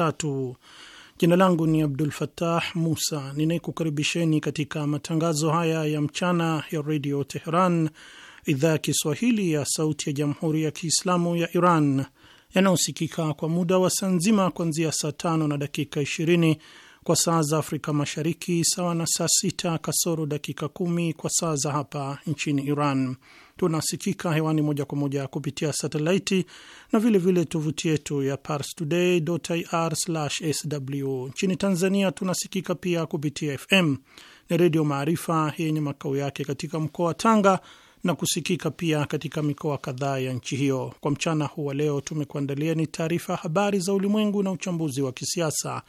wabarakatuh. Jina langu ni Abdul fatah Musa, ninaekukaribisheni katika matangazo haya ya mchana ya Redio Teheran, idhaa ya Kiswahili ya sauti ya Jamhuri ya Kiislamu ya Iran, yanayosikika kwa muda wa saa nzima kuanzia saa tano na dakika 20 kwa saa za Afrika Mashariki, sawa na saa sita kasoro dakika kumi kwa saa za hapa nchini Iran. Tunasikika hewani moja kwa moja kupitia satelaiti na vilevile tovuti yetu ya parstoday.ir/sw. Nchini Tanzania tunasikika pia kupitia FM ni Redio Maarifa yenye makao yake katika mkoa wa Tanga na kusikika pia katika mikoa kadhaa ya nchi hiyo. Kwa mchana huu wa leo, tumekuandalia ni taarifa habari za ulimwengu na uchambuzi wa kisiasa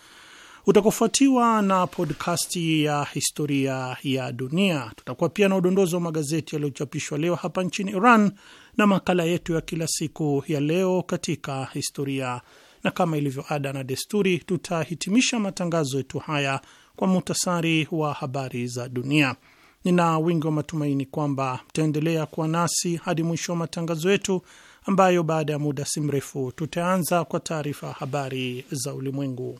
utakofuatiwa na podkasti ya historia ya dunia. Tutakuwa pia na udondozi wa magazeti yaliyochapishwa leo hapa nchini Iran na makala yetu ya kila siku ya leo katika historia, na kama ilivyo ada na desturi, tutahitimisha matangazo yetu haya kwa muhtasari wa habari za dunia. Nina wingi wa matumaini kwamba mtaendelea kuwa nasi hadi mwisho wa matangazo yetu, ambayo baada ya muda si mrefu tutaanza kwa taarifa habari za ulimwengu.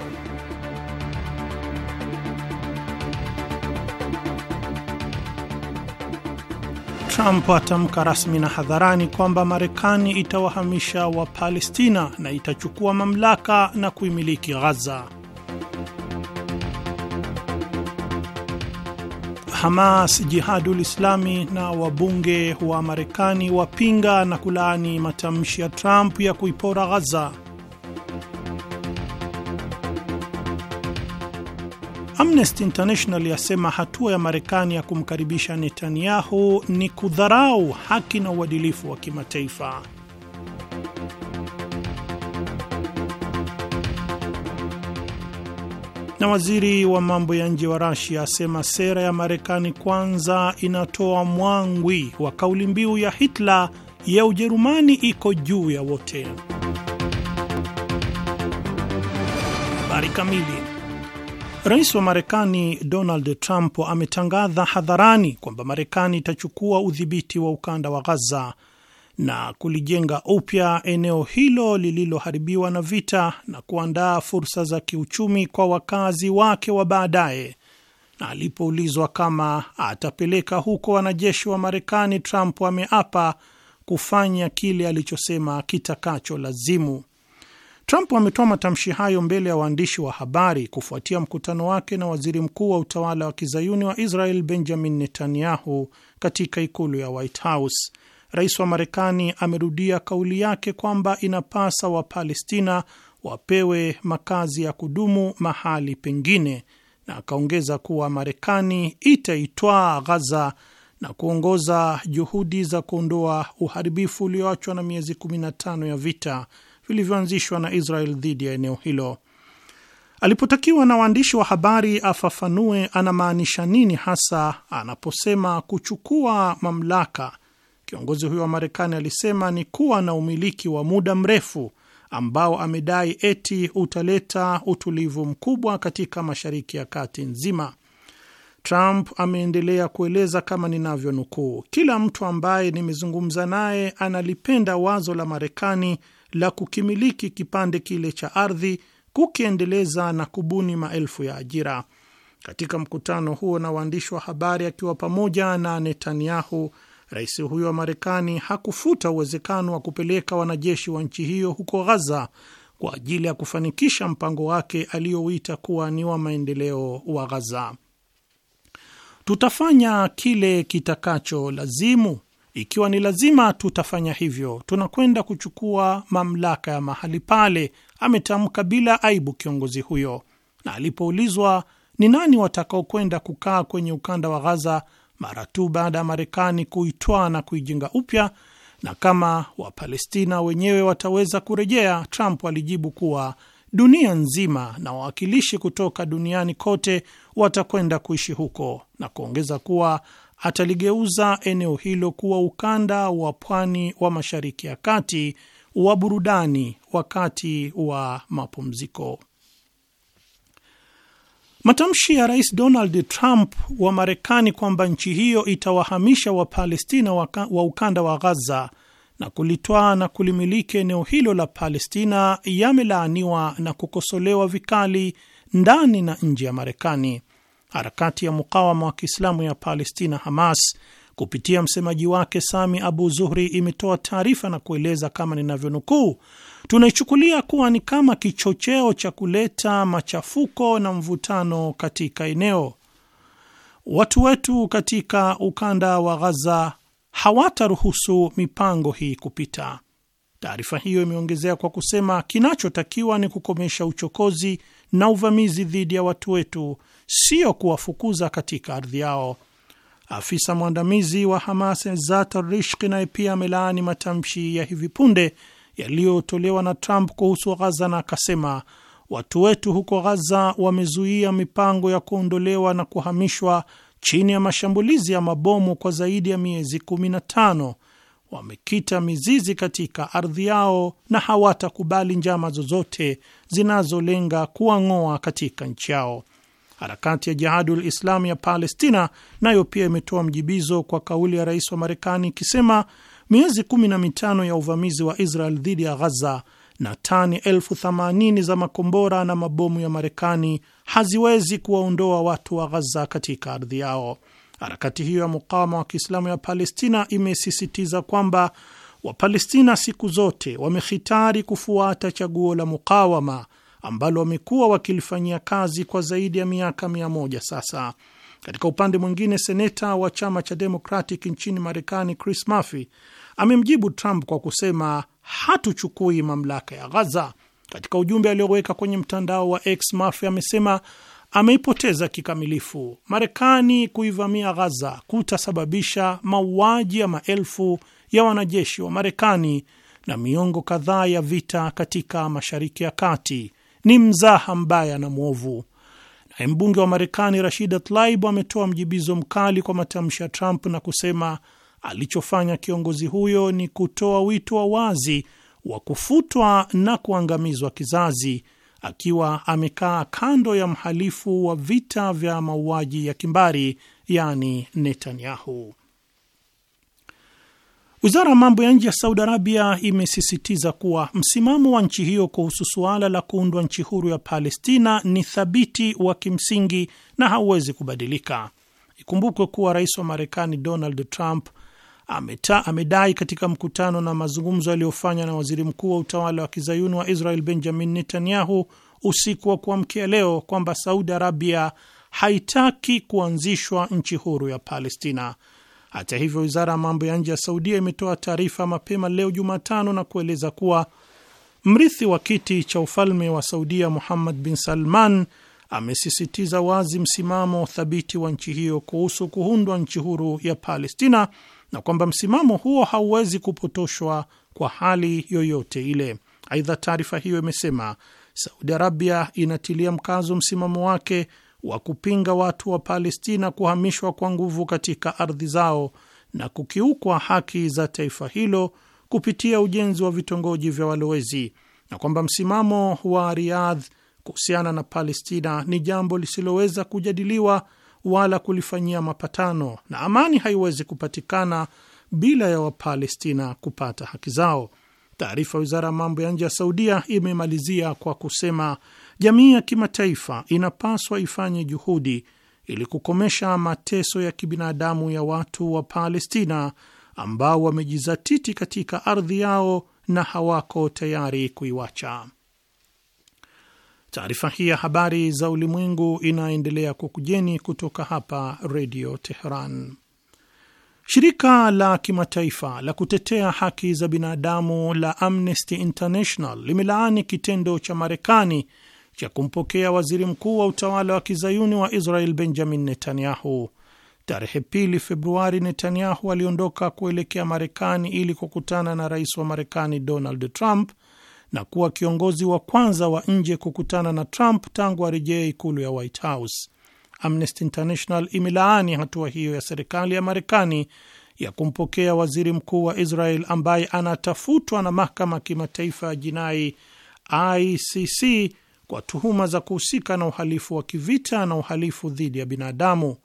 Trump atamka rasmi na hadharani kwamba Marekani itawahamisha Wapalestina na itachukua mamlaka na kuimiliki Ghaza. Hamas, Jihadul Islami na wabunge wa Marekani wapinga na kulaani matamshi ya Trump ya kuipora Ghaza. Amnesty International yasema hatua ya Marekani ya kumkaribisha Netanyahu ni kudharau haki na uadilifu wa kimataifa. Na waziri wa mambo ya nje wa Rasia asema sera ya Marekani kwanza inatoa mwangwi wa kauli mbiu ya Hitler ya Ujerumani iko juu ya wote. Habari kamili Rais wa Marekani Donald Trump ametangaza hadharani kwamba Marekani itachukua udhibiti wa ukanda wa Ghaza na kulijenga upya eneo hilo lililoharibiwa na vita na kuandaa fursa za kiuchumi kwa wakazi wake wa baadaye. Na alipoulizwa kama atapeleka huko wanajeshi wa Marekani, Trump ameapa kufanya kile alichosema kitakacho lazimu. Trump ametoa matamshi hayo mbele ya waandishi wa habari kufuatia mkutano wake na waziri mkuu wa utawala wa kizayuni wa Israel Benjamin Netanyahu katika ikulu ya White House. Rais wa Marekani amerudia kauli yake kwamba inapasa Wapalestina wapewe makazi ya kudumu mahali pengine, na akaongeza kuwa Marekani itaitwaa Ghaza na kuongoza juhudi za kuondoa uharibifu ulioachwa na miezi 15 ya vita vilivyoanzishwa na Israel dhidi ya eneo hilo. Alipotakiwa na waandishi wa habari afafanue anamaanisha nini hasa anaposema kuchukua mamlaka, kiongozi huyo wa Marekani alisema ni kuwa na umiliki wa muda mrefu ambao amedai eti utaleta utulivu mkubwa katika Mashariki ya Kati nzima. Trump ameendelea kueleza kama ninavyonukuu, kila mtu ambaye nimezungumza naye analipenda wazo la Marekani la kukimiliki kipande kile cha ardhi, kukiendeleza na kubuni maelfu ya ajira. Katika mkutano huo na waandishi wa habari akiwa pamoja na Netanyahu, rais huyo wa Marekani hakufuta uwezekano wa kupeleka wanajeshi wa nchi hiyo huko Ghaza kwa ajili ya kufanikisha mpango wake aliyouita kuwa ni wa maendeleo wa Ghaza tutafanya kile kitakacho lazimu. Ikiwa ni lazima, tutafanya hivyo. Tunakwenda kuchukua mamlaka ya mahali pale, ametamka bila aibu kiongozi huyo. Na alipoulizwa ni nani watakaokwenda kukaa kwenye ukanda wa Ghaza mara tu baada ya Marekani kuitwaa na kuijenga upya na kama Wapalestina wenyewe wataweza kurejea, Trump alijibu kuwa dunia nzima na wawakilishi kutoka duniani kote watakwenda kuishi huko, na kuongeza kuwa ataligeuza eneo hilo kuwa ukanda wa pwani wa Mashariki ya Kati wa burudani wakati wa mapumziko. Matamshi ya Rais Donald Trump wa Marekani kwamba nchi hiyo itawahamisha Wapalestina wa ukanda wa Ghaza na kulitwaa na kulimiliki eneo hilo la Palestina yamelaaniwa na kukosolewa vikali ndani na nje ya Marekani. Harakati ya mukawama wa Kiislamu ya Palestina, Hamas, kupitia msemaji wake Sami Abu Zuhri imetoa taarifa na kueleza kama ninavyonukuu, tunaichukulia kuwa ni kama kichocheo cha kuleta machafuko na mvutano katika eneo. Watu wetu katika ukanda wa Ghaza hawataruhusu mipango hii kupita. Taarifa hiyo imeongezea kwa kusema kinachotakiwa ni kukomesha uchokozi na uvamizi dhidi ya watu wetu, sio kuwafukuza katika ardhi yao. Afisa mwandamizi wa Hamas Zatar Rishk naye pia amelaani matamshi ya hivi punde yaliyotolewa na Trump kuhusu Ghaza na akasema watu wetu huko Ghaza wamezuia mipango ya kuondolewa na kuhamishwa chini ya mashambulizi ya mabomu kwa zaidi ya miezi 15 wamekita mizizi katika ardhi yao na hawatakubali njama zozote zinazolenga kuwang'oa katika nchi yao. Harakati ya Jihadul Islami ya Palestina nayo pia imetoa mjibizo kwa kauli ya rais wa Marekani ikisema miezi kumi na mitano ya uvamizi wa Israel dhidi ya Ghaza na tani elfu themanini za makombora na mabomu ya Marekani haziwezi kuwaondoa watu wa Ghaza katika ardhi yao. Harakati hiyo ya mukawama wa Kiislamu ya Palestina imesisitiza kwamba Wapalestina siku zote wamehitari kufuata chaguo la mukawama ambalo wamekuwa wakilifanyia kazi kwa zaidi ya miaka mia moja sasa. Katika upande mwingine, seneta wa chama cha Democratic nchini Marekani Chris Murphy amemjibu Trump kwa kusema hatuchukui mamlaka ya Ghaza. Katika ujumbe alioweka kwenye mtandao wa X, Murphy amesema ameipoteza kikamilifu Marekani. Kuivamia Ghaza kutasababisha mauaji ya maelfu ya wanajeshi wa Marekani na miongo kadhaa ya vita katika Mashariki ya Kati. Ni mzaha mbaya na mwovu. Naye mbunge wa Marekani Rashida Tlaib ametoa mjibizo mkali kwa matamshi ya Trump na kusema Alichofanya kiongozi huyo ni kutoa wito wa wazi wa kufutwa na kuangamizwa kizazi, akiwa amekaa kando ya mhalifu wa vita vya mauaji ya kimbari, yani Netanyahu. Wizara ya mambo ya nje ya Saudi Arabia imesisitiza kuwa msimamo wa nchi hiyo kuhusu suala la kuundwa nchi huru ya Palestina ni thabiti wa kimsingi na hauwezi kubadilika. Ikumbukwe kuwa rais wa Marekani Donald Trump ameta, amedai katika mkutano na mazungumzo aliyofanya na waziri mkuu wa utawala wa kizayuni wa Israel Benjamin Netanyahu usiku wa kuamkia leo kwamba Saudi Arabia haitaki kuanzishwa nchi huru ya Palestina. Hata hivyo, wizara ya mambo ya nje ya Saudia imetoa taarifa mapema leo Jumatano na kueleza kuwa mrithi wa kiti cha ufalme wa Saudia Muhammad bin Salman amesisitiza wazi msimamo thabiti wa nchi hiyo kuhusu kuundwa nchi huru ya Palestina na kwamba msimamo huo hauwezi kupotoshwa kwa hali yoyote ile. Aidha, taarifa hiyo imesema Saudi Arabia inatilia mkazo msimamo wake wa kupinga watu wa Palestina kuhamishwa kwa nguvu katika ardhi zao na kukiukwa haki za taifa hilo kupitia ujenzi wa vitongoji vya walowezi na kwamba msimamo wa Riyadh kuhusiana na Palestina ni jambo lisiloweza kujadiliwa wala kulifanyia mapatano, na amani haiwezi kupatikana bila ya Wapalestina kupata haki zao. Taarifa ya wizara ya mambo ya nje ya Saudia imemalizia kwa kusema jamii ya kimataifa inapaswa ifanye juhudi ili kukomesha mateso ya kibinadamu ya watu wa Palestina ambao wamejizatiti katika ardhi yao na hawako tayari kuiwacha. Taarifa hii ya habari za ulimwengu inaendelea kukujeni kutoka hapa Redio Teheran. Shirika la kimataifa la kutetea haki za binadamu la Amnesty International limelaani kitendo cha Marekani cha kumpokea waziri mkuu wa utawala wa kizayuni wa Israel Benjamin Netanyahu. Tarehe pili Februari, Netanyahu aliondoka kuelekea Marekani ili kukutana na rais wa Marekani Donald Trump na kuwa kiongozi wa kwanza wa nje kukutana na Trump tangu arejee ikulu ya White House. Amnesty International imelaani hatua hiyo ya serikali ya Marekani ya kumpokea waziri mkuu wa Israel ambaye anatafutwa na mahakama ya kimataifa ya jinai ICC kwa tuhuma za kuhusika na uhalifu wa kivita na uhalifu dhidi ya binadamu.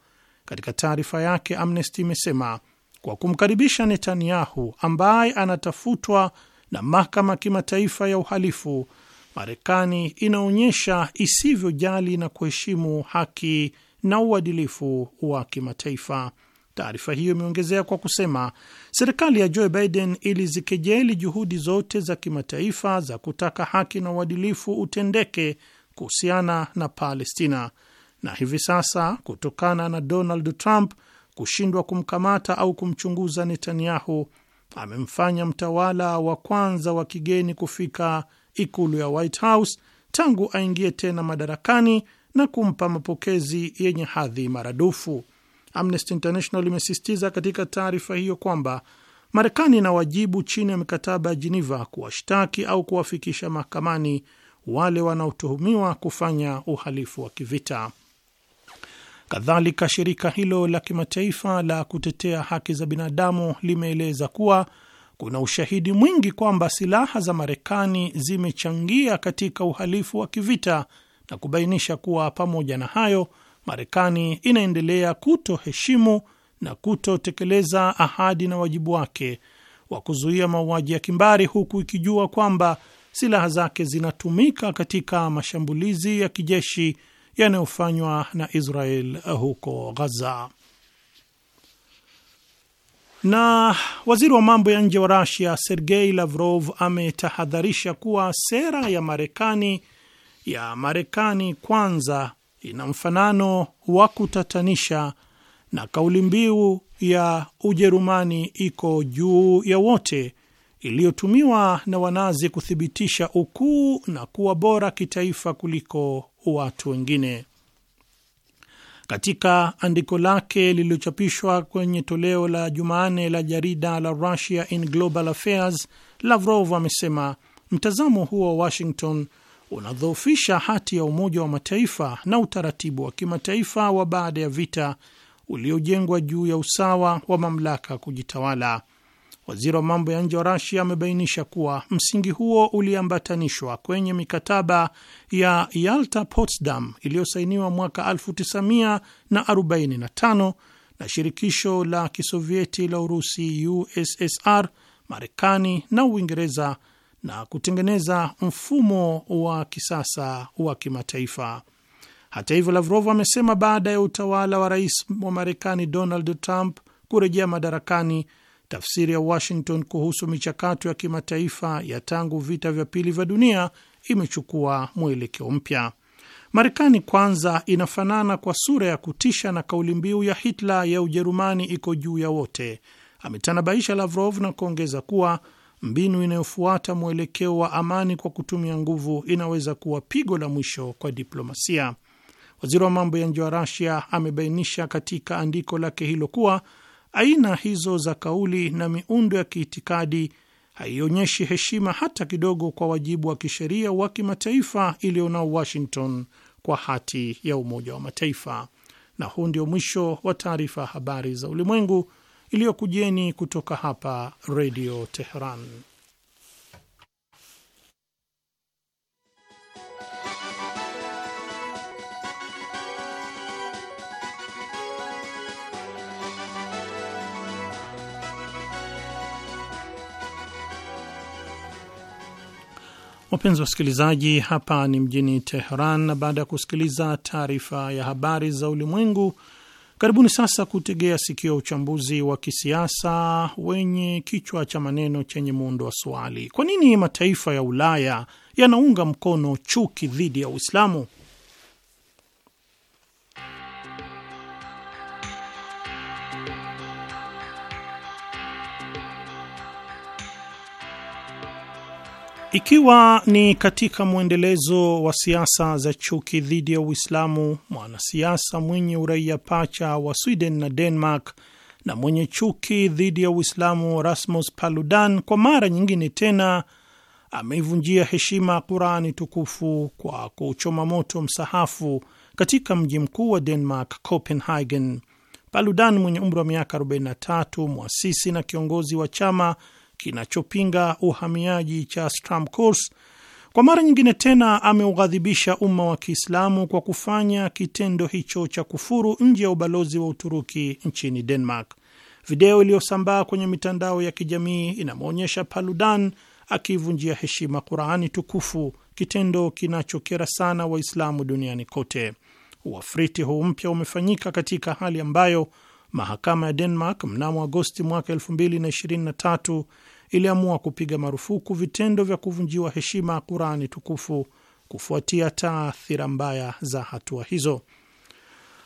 Katika taarifa yake, Amnesty imesema kwa kumkaribisha Netanyahu ambaye anatafutwa na mahakama kimataifa ya uhalifu, Marekani inaonyesha isivyojali na kuheshimu haki na uadilifu wa kimataifa. Taarifa hiyo imeongezea kwa kusema serikali ya Joe Biden ilizikejeli juhudi zote za kimataifa za kutaka haki na uadilifu utendeke kuhusiana na Palestina, na hivi sasa kutokana na Donald Trump kushindwa kumkamata au kumchunguza Netanyahu amemfanya mtawala wa kwanza wa kigeni kufika ikulu ya White House tangu aingie tena madarakani na kumpa mapokezi yenye hadhi maradufu. Amnesty International imesisitiza katika taarifa hiyo kwamba Marekani ina wajibu chini ya mikataba ya Jeneva kuwashtaki au kuwafikisha mahakamani wale wanaotuhumiwa kufanya uhalifu wa kivita. Kadhalika, shirika hilo la kimataifa la kutetea haki za binadamu limeeleza kuwa kuna ushahidi mwingi kwamba silaha za Marekani zimechangia katika uhalifu wa kivita na kubainisha kuwa pamoja na hayo, Marekani inaendelea kutoheshimu na kutotekeleza ahadi na wajibu wake wa kuzuia mauaji ya kimbari huku ikijua kwamba silaha zake zinatumika katika mashambulizi ya kijeshi yanayofanywa na Israel huko Ghaza. Na waziri wa mambo ya nje wa Rasia Sergei Lavrov ametahadharisha kuwa sera ya Marekani ya Marekani kwanza ina mfanano wa kutatanisha na kauli mbiu ya Ujerumani iko juu ya wote iliyotumiwa na wanazi kuthibitisha ukuu na kuwa bora kitaifa kuliko watu wengine. Katika andiko lake lililochapishwa kwenye toleo la Jumane la jarida la Russia in Global Affairs, Lavrov amesema mtazamo huo wa Washington unadhoofisha hati ya Umoja wa Mataifa na utaratibu wa kimataifa wa baada ya vita uliojengwa juu ya usawa wa mamlaka kujitawala. Waziri wa mambo ya nje wa Rasia amebainisha kuwa msingi huo uliambatanishwa kwenye mikataba ya Yalta Potsdam iliyosainiwa mwaka 1945 na shirikisho la kisovieti la Urusi, USSR, Marekani na Uingereza, na kutengeneza mfumo wa kisasa wa kimataifa. Hata hivyo, Lavrov amesema baada ya utawala wa rais wa Marekani Donald Trump kurejea madarakani Tafsiri ya Washington kuhusu michakato ya kimataifa ya tangu vita vya pili vya dunia imechukua mwelekeo mpya. Marekani kwanza inafanana kwa sura ya kutisha na kauli mbiu ya Hitler ya Ujerumani iko juu ya wote, ametanabaisha Lavrov na kuongeza kuwa mbinu inayofuata mwelekeo wa amani kwa kutumia nguvu inaweza kuwa pigo la mwisho kwa diplomasia. Waziri wa mambo ya nje wa Rasia amebainisha katika andiko lake hilo kuwa Aina hizo za kauli na miundo ya kiitikadi haionyeshi heshima hata kidogo kwa wajibu wa kisheria wa kimataifa iliyonao Washington kwa hati ya Umoja wa Mataifa. Na huu ndio mwisho wa taarifa ya habari za ulimwengu iliyokujeni kutoka hapa Redio Teheran. Wapenzi wasikilizaji, hapa ni mjini Teheran, na baada ya kusikiliza taarifa ya habari za ulimwengu, karibuni sasa kutegea sikio uchambuzi wa kisiasa wenye kichwa cha maneno chenye muundo wa swali: kwa nini mataifa ya Ulaya yanaunga mkono chuki dhidi ya Uislamu? Ikiwa ni katika mwendelezo wa siasa za chuki dhidi ya Uislamu, mwanasiasa mwenye uraia pacha wa Sweden na Denmark na mwenye chuki dhidi ya Uislamu Rasmus Paludan kwa mara nyingine tena ameivunjia heshima Qurani tukufu kwa kuchoma moto msahafu katika mji mkuu wa Denmark, Copenhagen. Paludan mwenye umri wa miaka 43, mwasisi na kiongozi wa chama kinachopinga uhamiaji cha stramcours kwa mara nyingine tena ameughadhibisha umma wa Kiislamu kwa kufanya kitendo hicho cha kufuru nje ya ubalozi wa Uturuki nchini Denmark. Video iliyosambaa kwenye mitandao ya kijamii inamwonyesha Paludan akivunjia heshima Qurani tukufu, kitendo kinachokera sana Waislamu duniani kote. Uafriti huu mpya umefanyika katika hali ambayo mahakama ya Denmark mnamo Agosti mwaka 2023 iliamua kupiga marufuku vitendo vya kuvunjiwa heshima Qurani tukufu kufuatia taathira mbaya za hatua hizo.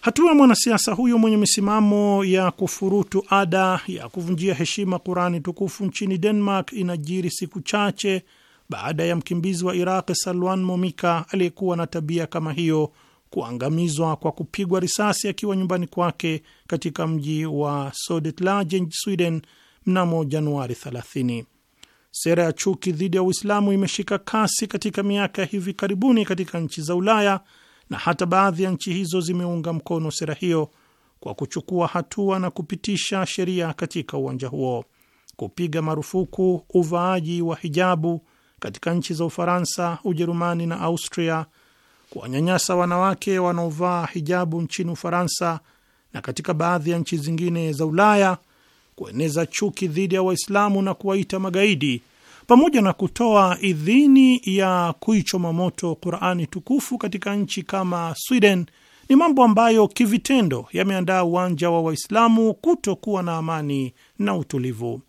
Hatua ya mwanasiasa huyo mwenye misimamo ya kufurutu ada ya kuvunjia heshima Qurani tukufu nchini Denmark inajiri siku chache baada ya mkimbizi wa Iraq Salwan Momika aliyekuwa na tabia kama hiyo kuangamizwa kwa kupigwa risasi akiwa nyumbani kwake katika mji wa Sodetlaje, Sweden mnamo Januari 30. Sera ya chuki dhidi ya Uislamu imeshika kasi katika miaka ya hivi karibuni katika nchi za Ulaya na hata baadhi ya nchi hizo zimeunga mkono sera hiyo kwa kuchukua hatua na kupitisha sheria katika uwanja huo. Kupiga marufuku uvaaji wa hijabu katika nchi za Ufaransa, Ujerumani na Austria kuwanyanyasa wanawake wanaovaa hijabu nchini Ufaransa na katika baadhi ya nchi zingine za Ulaya, kueneza chuki dhidi ya Waislamu na kuwaita magaidi, pamoja na kutoa idhini ya kuichoma moto Qurani tukufu katika nchi kama Sweden ni mambo ambayo kivitendo yameandaa uwanja wa Waislamu kutokuwa na amani na utulivu.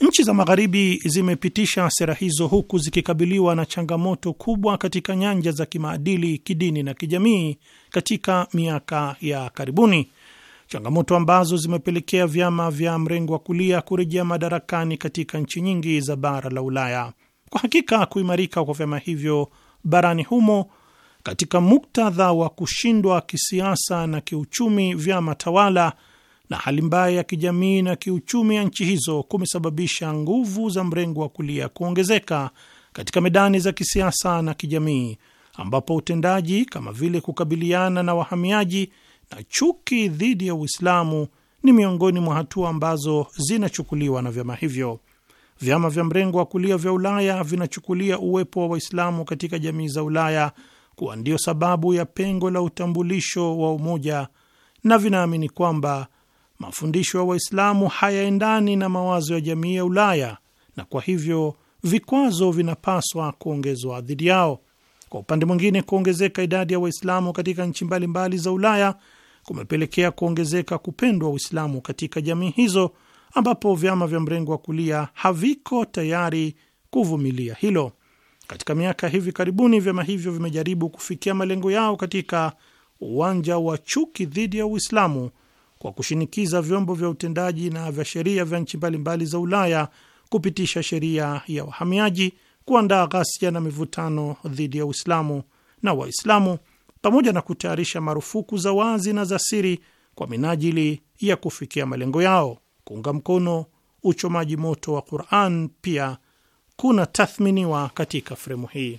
Nchi za Magharibi zimepitisha sera hizo huku zikikabiliwa na changamoto kubwa katika nyanja za kimaadili, kidini na kijamii katika miaka ya karibuni, changamoto ambazo zimepelekea vyama vya mrengo wa kulia kurejea madarakani katika nchi nyingi za bara la Ulaya. Kwa hakika kuimarika kwa vyama hivyo barani humo katika muktadha wa kushindwa kisiasa na kiuchumi vyama tawala na hali mbaya ya kijamii na kiuchumi ya nchi hizo kumesababisha nguvu za mrengo wa kulia kuongezeka katika medani za kisiasa na kijamii, ambapo utendaji kama vile kukabiliana na wahamiaji na chuki dhidi ya Uislamu ni miongoni mwa hatua ambazo zinachukuliwa na vyama hivyo. Vyama vya mrengo wa kulia vya Ulaya vinachukulia uwepo wa Waislamu katika jamii za Ulaya kuwa ndio sababu ya pengo la utambulisho wa umoja na vinaamini kwamba mafundisho ya wa Waislamu hayaendani na mawazo ya jamii ya Ulaya na kwa hivyo vikwazo vinapaswa kuongezwa dhidi yao. Kwa upande mwingine, kuongezeka idadi ya Waislamu katika nchi mbalimbali za Ulaya kumepelekea kuongezeka kupendwa Uislamu katika jamii hizo, ambapo vyama vya mrengo wa kulia haviko tayari kuvumilia hilo. Katika miaka hivi karibuni, vyama hivyo vimejaribu kufikia malengo yao katika uwanja wa chuki dhidi ya Uislamu kwa kushinikiza vyombo vya utendaji na vya sheria vya nchi mbalimbali za Ulaya kupitisha sheria ya wahamiaji, kuandaa ghasia na mivutano dhidi ya Uislamu na Waislamu, pamoja na kutayarisha marufuku za wazi na za siri kwa minajili ya kufikia malengo yao. Kuunga mkono uchomaji moto wa Quran pia kuna tathminiwa katika fremu hii.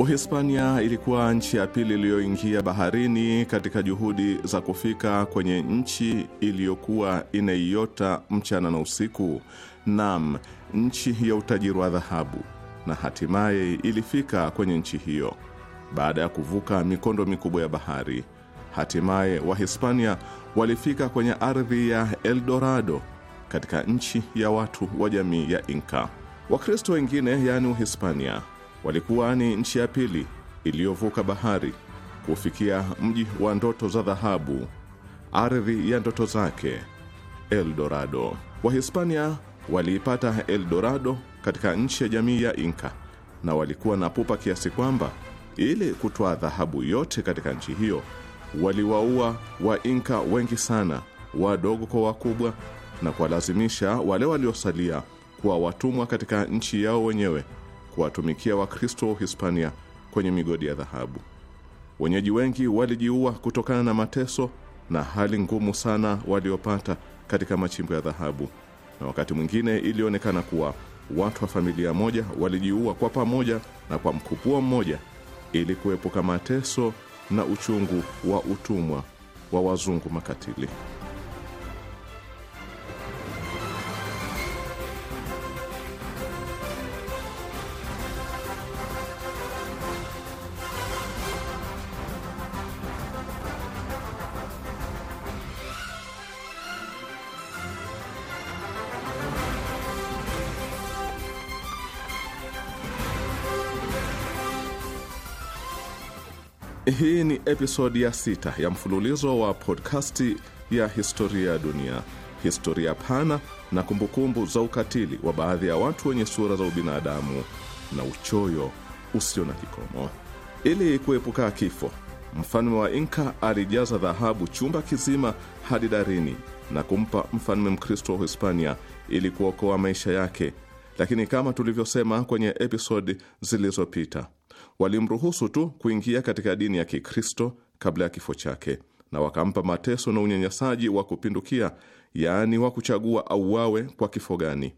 Uhispania ilikuwa nchi ya pili iliyoingia baharini katika juhudi za kufika kwenye nchi iliyokuwa inaiota mchana na usiku, nam nchi ya utajiri wa dhahabu, na hatimaye ilifika kwenye nchi hiyo baada ya kuvuka mikondo mikubwa ya bahari. Hatimaye Wahispania walifika kwenye ardhi ya Eldorado katika nchi ya watu wa jamii ya Inka. Wakristo wengine yaani Uhispania walikuwa ni nchi ya pili iliyovuka bahari kufikia mji wa ndoto za dhahabu, ardhi ya ndoto zake, Eldorado. Wahispania waliipata Eldorado katika nchi ya jamii ya Inka, na walikuwa na pupa kiasi kwamba ili kutoa dhahabu yote katika nchi hiyo waliwaua wa inka wengi sana, wadogo kwa wakubwa, na kuwalazimisha wale waliosalia kuwa watumwa katika nchi yao wenyewe kuwatumikia Wakristo wa Uhispania kwenye migodi ya dhahabu. Wenyeji wengi walijiua kutokana na mateso na hali ngumu sana waliopata katika machimbo ya dhahabu, na wakati mwingine ilionekana kuwa watu wa familia moja walijiua kwa pamoja na kwa mkupuo mmoja ili kuepuka mateso na uchungu wa utumwa wa wazungu makatili. Hii ni episodi ya sita ya mfululizo wa podkasti ya historia ya dunia, historia pana na kumbukumbu za ukatili wa baadhi ya watu wenye sura za ubinadamu na uchoyo usio na kikomo. Ili kuepuka kifo, mfalme wa Inka alijaza dhahabu chumba kizima hadi darini na kumpa mfalme Mkristo wa Hispania ili kuokoa maisha yake. Lakini kama tulivyosema kwenye episodi zilizopita walimruhusu tu kuingia katika dini ya Kikristo kabla ya kifo chake, na wakampa mateso na unyanyasaji wa kupindukia, yaani wa kuchagua auawe kwa kifo gani.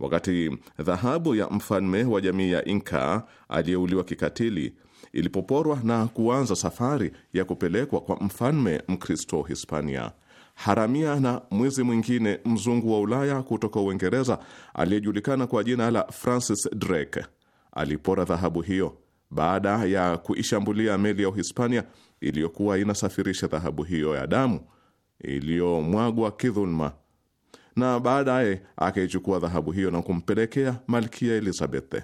Wakati dhahabu ya mfalme wa jamii ya Inka aliyeuliwa kikatili ilipoporwa na kuanza safari ya kupelekwa kwa mfalme Mkristo Hispania, haramia na mwizi mwingine mzungu wa Ulaya kutoka Uingereza aliyejulikana kwa jina la Francis Drake alipora dhahabu hiyo baada ya kuishambulia meli ya Uhispania iliyokuwa inasafirisha dhahabu hiyo ya damu iliyomwagwa kidhuluma, na baadaye akaichukua dhahabu hiyo na kumpelekea Malkia Elizabeth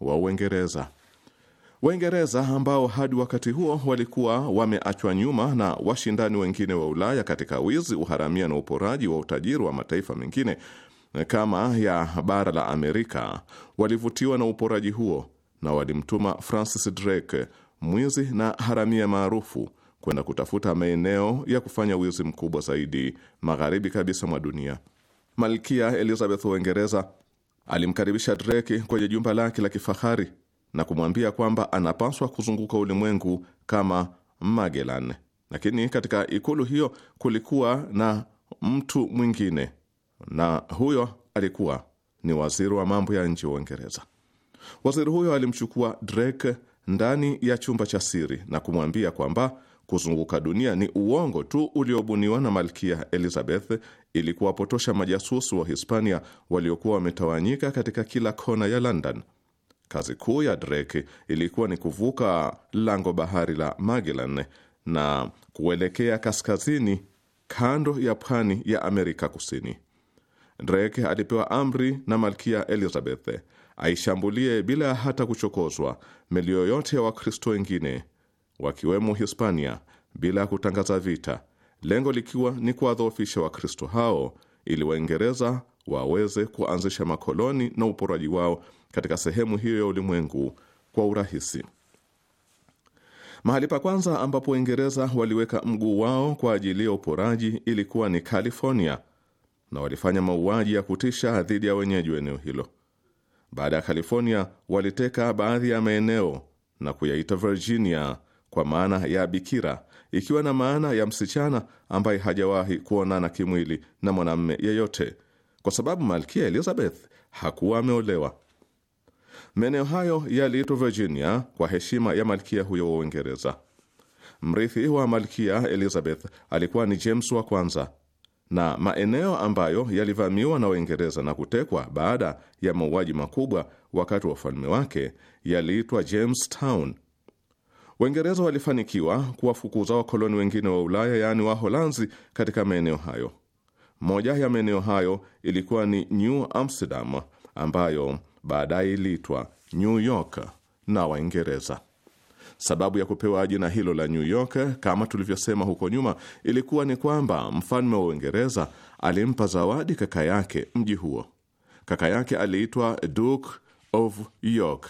wa Uingereza. Waingereza ambao hadi wakati huo walikuwa wameachwa nyuma na washindani wengine wa Ulaya katika wizi, uharamia na uporaji wa utajiri wa mataifa mengine, kama ya bara la Amerika walivutiwa na uporaji huo na walimtuma Francis Drake, mwizi na haramia maarufu, kwenda kutafuta maeneo ya kufanya wizi mkubwa zaidi magharibi kabisa mwa dunia. Malkia Elizabeth wa Uingereza alimkaribisha Drake kwenye jumba lake la kifahari na kumwambia kwamba anapaswa kuzunguka ulimwengu kama Magellan, lakini katika ikulu hiyo kulikuwa na mtu mwingine na huyo alikuwa ni waziri wa mambo ya nje wa Uingereza. Waziri huyo alimchukua Drake ndani ya chumba cha siri na kumwambia kwamba kuzunguka dunia ni uongo tu uliobuniwa na Malkia Elizabeth ili kuwapotosha majasusi wa Hispania waliokuwa wametawanyika katika kila kona ya London. Kazi kuu ya Drake ilikuwa ni kuvuka lango bahari la Magellan na kuelekea kaskazini kando ya pwani ya Amerika Kusini. Drake alipewa amri na malkia Elizabeth aishambulie bila hata kuchokozwa meli yoyote ya Wakristo wengine wakiwemo Hispania bila kutangaza vita, lengo likiwa ni kuwadhoofisha Wakristo hao ili Waingereza waweze kuanzisha makoloni na uporaji wao katika sehemu hiyo ya ulimwengu kwa urahisi. Mahali pa kwanza ambapo Waingereza waliweka mguu wao kwa ajili ya uporaji ilikuwa ni California na walifanya mauaji ya kutisha dhidi ya wenyeji wa eneo hilo. Baada ya California, waliteka baadhi ya maeneo na kuyaita Virginia kwa maana ya bikira, ikiwa na maana ya msichana ambaye hajawahi kuonana kimwili na mwanamume yeyote, kwa sababu Malkia Elizabeth hakuwa ameolewa. Maeneo hayo yaliitwa Virginia kwa heshima ya malkia huyo wa Uingereza. Mrithi wa malkia Elizabeth alikuwa ni James wa kwanza na maeneo ambayo yalivamiwa na Uingereza na kutekwa baada ya mauaji makubwa wakati wa ufalme wake yaliitwa Jamestown. Waingereza walifanikiwa kuwafukuza wakoloni wengine wa Ulaya, yaani Waholanzi, katika maeneo hayo. Moja ya maeneo hayo ilikuwa ni New Amsterdam ambayo baadaye iliitwa New York na Waingereza. Sababu ya kupewa jina hilo la New York, kama tulivyosema huko nyuma, ilikuwa ni kwamba mfalme wa Uingereza alimpa zawadi kaka yake mji huo. Kaka yake aliitwa Duke of York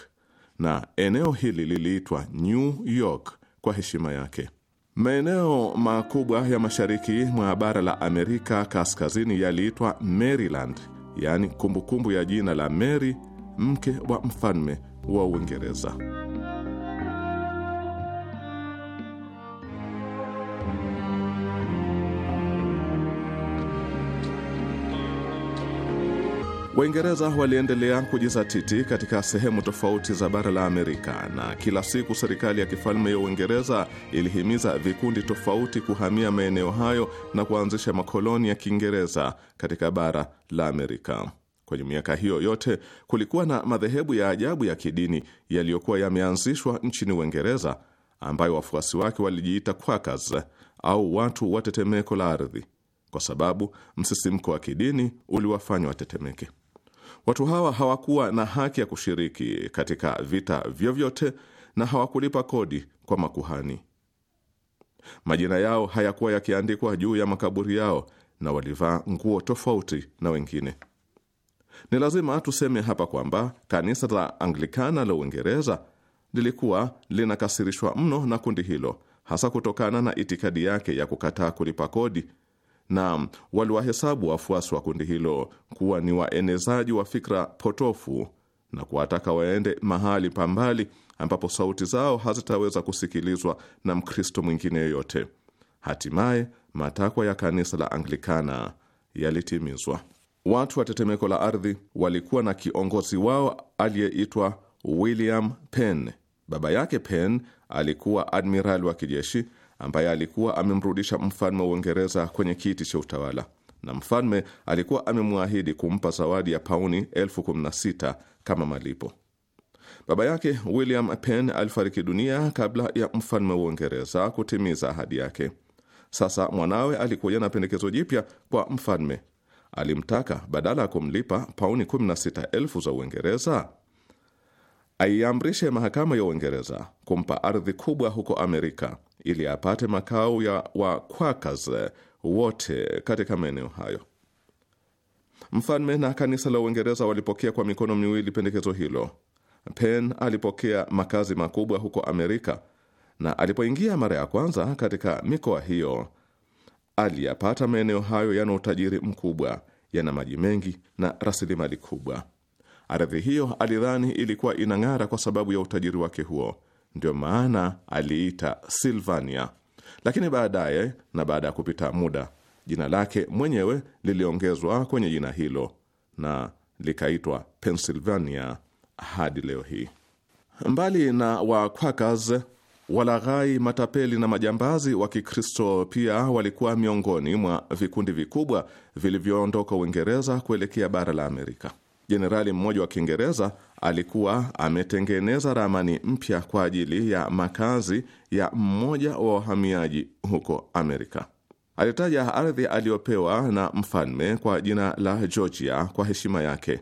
na eneo hili liliitwa New York kwa heshima yake. Maeneo makubwa ya mashariki mwa bara la Amerika kaskazini yaliitwa Maryland, yaani kumbukumbu ya jina la Mary, mke wa mfalme wa Uingereza. Waingereza waliendelea kujizatiti katika sehemu tofauti za bara la Amerika, na kila siku serikali ya kifalme ya Uingereza ilihimiza vikundi tofauti kuhamia maeneo hayo na kuanzisha makoloni ya Kiingereza katika bara la Amerika. Kwenye miaka hiyo yote kulikuwa na madhehebu ya ajabu ya kidini yaliyokuwa yameanzishwa nchini Uingereza, ambayo wafuasi wake walijiita Quakers au watu wa tetemeko la ardhi, kwa sababu msisimko wa kidini uliwafanywa watetemeke. Watu hawa hawakuwa na haki ya kushiriki katika vita vyovyote na hawakulipa kodi kwa makuhani. Majina yao hayakuwa yakiandikwa juu ya makaburi yao na walivaa nguo tofauti na wengine. Ni lazima tuseme hapa kwamba kanisa la Anglikana la Uingereza lilikuwa linakasirishwa mno na kundi hilo, hasa kutokana na itikadi yake ya kukataa kulipa kodi na waliwahesabu wafuasi wa kundi hilo kuwa ni waenezaji wa fikra potofu na kuwataka waende mahali pa mbali ambapo sauti zao hazitaweza kusikilizwa na Mkristo mwingine yoyote. Hatimaye matakwa ya kanisa la Anglikana yalitimizwa. Watu wa tetemeko la ardhi walikuwa na kiongozi wao aliyeitwa William Penn. Baba yake Penn alikuwa admirali wa kijeshi ambaye alikuwa amemrudisha mfalme wa Uingereza kwenye kiti cha utawala, na mfalme alikuwa amemwahidi kumpa zawadi ya pauni elfu kumi na sita kama malipo. Baba yake William Penn alifariki dunia kabla ya mfalme wa Uingereza kutimiza ahadi yake. Sasa mwanawe alikuja na pendekezo jipya kwa mfalme. Alimtaka badala ya kumlipa pauni 16,000 za Uingereza aiamrishe mahakama ya Uingereza kumpa ardhi kubwa huko Amerika ili apate makao ya Wakwakas wote katika maeneo hayo. Mfalme na kanisa la Uingereza walipokea kwa mikono miwili pendekezo hilo. Penn alipokea makazi makubwa huko Amerika, na alipoingia mara ya kwanza katika mikoa hiyo aliyapata maeneo hayo yana utajiri mkubwa, yana maji mengi na rasilimali kubwa. Ardhi hiyo alidhani ilikuwa inang'ara kwa sababu ya utajiri wake huo, ndio maana aliita Silvania, lakini baadaye na baada ya kupita muda jina lake mwenyewe liliongezwa kwenye jina hilo na likaitwa Pennsylvania hadi leo hii. Mbali na Wakwakas, walaghai, matapeli na majambazi wa Kikristo pia walikuwa miongoni mwa vikundi vikubwa vilivyoondoka Uingereza kuelekea bara la Amerika. Jenerali mmoja wa Kiingereza alikuwa ametengeneza ramani mpya kwa ajili ya makazi ya mmoja wa wahamiaji huko Amerika. Alitaja ardhi aliyopewa na mfalme kwa jina la Georgia kwa heshima yake,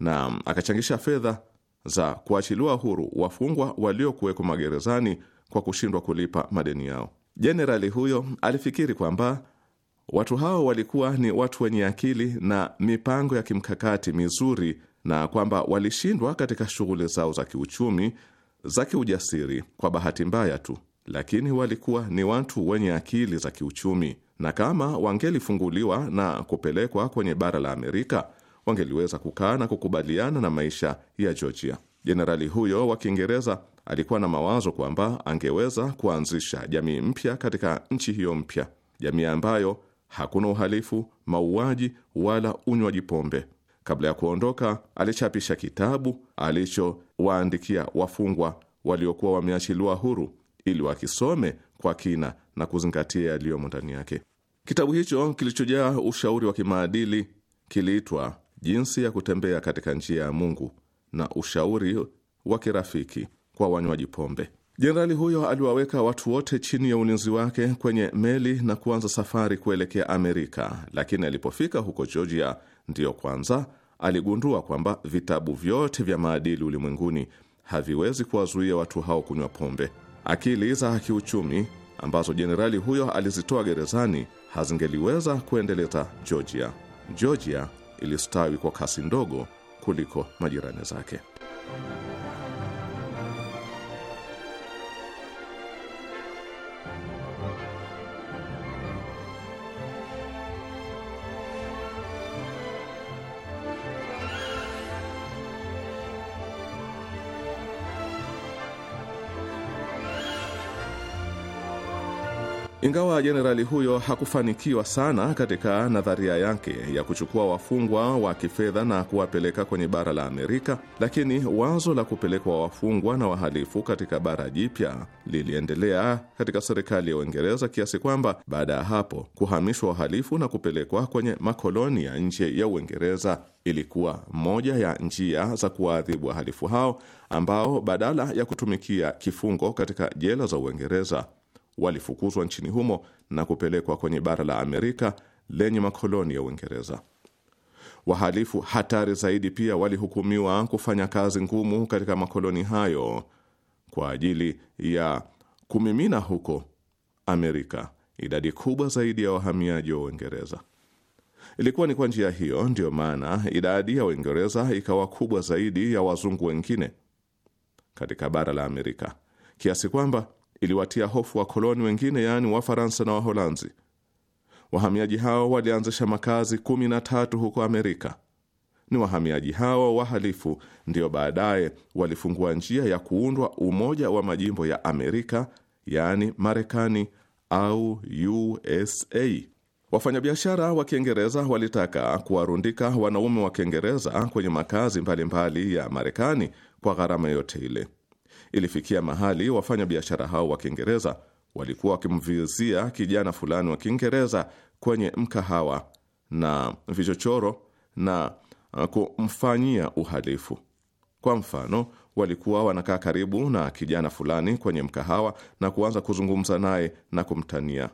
na akachangisha fedha za kuachiliwa huru wafungwa waliokuwekwa magerezani kwa kushindwa kulipa madeni yao. Jenerali huyo alifikiri kwamba watu hao walikuwa ni watu wenye akili na mipango ya kimkakati mizuri na kwamba walishindwa katika shughuli zao za kiuchumi za kiujasiri kwa bahati mbaya tu, lakini walikuwa ni watu wenye akili za kiuchumi, na kama wangelifunguliwa na kupelekwa kwenye bara la Amerika wangeliweza kukaa na kukubaliana na maisha ya Georgia. Jenerali huyo wa Kiingereza alikuwa na mawazo kwamba angeweza kuanzisha jamii mpya katika nchi hiyo mpya, jamii ambayo hakuna uhalifu, mauaji wala unywaji pombe. Kabla ya kuondoka, alichapisha kitabu alichowaandikia wafungwa waliokuwa wameachiliwa huru ili wakisome kwa kina na kuzingatia yaliyomo ndani yake. Kitabu hicho kilichojaa ushauri wa kimaadili kiliitwa Jinsi ya Kutembea katika Njia ya Mungu na Ushauri wa Kirafiki kwa Wanywaji Pombe. Jenerali huyo aliwaweka watu wote chini ya ulinzi wake kwenye meli na kuanza safari kuelekea Amerika, lakini alipofika huko Georgia Ndiyo kwanza aligundua kwamba vitabu vyote vya maadili ulimwenguni haviwezi kuwazuia watu hao kunywa pombe. Akili za kiuchumi ambazo jenerali huyo alizitoa gerezani hazingeliweza kuendeleza Georgia. Georgia ilistawi kwa kasi ndogo kuliko majirani zake. Ingawa jenerali huyo hakufanikiwa sana katika nadharia yake ya kuchukua wafungwa wa kifedha na kuwapeleka kwenye bara la Amerika, lakini wazo la kupelekwa wafungwa na wahalifu katika bara jipya liliendelea katika serikali ya Uingereza kiasi kwamba baada ya hapo kuhamishwa wahalifu na kupelekwa kwenye makoloni ya nje ya Uingereza ilikuwa moja ya njia za kuwaadhibu wahalifu hao ambao badala ya kutumikia kifungo katika jela za Uingereza walifukuzwa nchini humo na kupelekwa kwenye bara la Amerika lenye makoloni ya Uingereza. Wahalifu hatari zaidi pia walihukumiwa kufanya kazi ngumu katika makoloni hayo kwa ajili ya kumimina huko Amerika idadi kubwa zaidi ya wahamiaji wa Uingereza. Ilikuwa ni kwa njia hiyo ndiyo maana idadi ya Uingereza ikawa kubwa zaidi ya wazungu wengine katika bara la Amerika, kiasi kwamba iliwatia hofu wakoloni wengine, yaani Wafaransa na Waholanzi. Wahamiaji hao walianzisha makazi kumi na tatu huko Amerika. Ni wahamiaji hao wahalifu ndio baadaye walifungua njia ya kuundwa umoja wa majimbo ya Amerika, yaani Marekani au USA. Wafanyabiashara wa Kiingereza walitaka kuwarundika wanaume wa Kiingereza kwenye makazi mbalimbali mbali ya Marekani kwa gharama yote ile ilifikia mahali wafanya biashara hao wa Kiingereza walikuwa wakimvizia kijana fulani wa Kiingereza kwenye mkahawa na vichochoro na uh, kumfanyia uhalifu. Kwa mfano, walikuwa wanakaa karibu na kijana fulani kwenye mkahawa na kuanza kuzungumza naye na kumtania,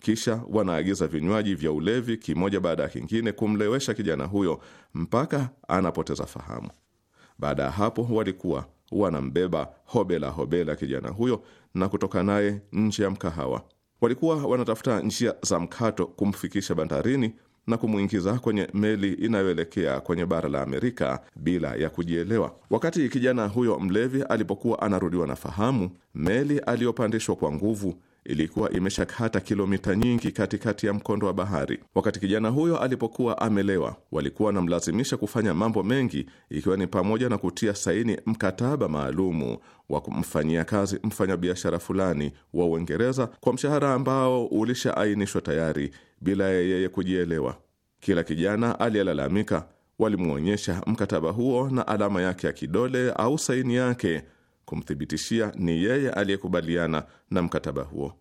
kisha wanaagiza vinywaji vya ulevi kimoja baada ya kingine kumlewesha kijana huyo mpaka anapoteza fahamu. Baada ya hapo, walikuwa wanambeba hobela hobela kijana huyo na kutoka naye nje ya mkahawa. Walikuwa wanatafuta njia za mkato kumfikisha bandarini na kumwingiza kwenye meli inayoelekea kwenye bara la Amerika bila ya kujielewa. Wakati kijana huyo mlevi alipokuwa anarudiwa na fahamu, meli aliyopandishwa kwa nguvu ilikuwa imeshakata kilomita nyingi katikati ya mkondo wa bahari. Wakati kijana huyo alipokuwa amelewa, walikuwa wanamlazimisha kufanya mambo mengi, ikiwa ni pamoja na kutia saini mkataba maalumu wa kumfanyia kazi mfanyabiashara fulani wa Uingereza kwa mshahara ambao ulishaainishwa tayari bila yeye kujielewa. Kila kijana aliyelalamika walimwonyesha mkataba huo na alama yake ya kidole au saini yake kumthibitishia ni yeye aliyekubaliana na mkataba huo.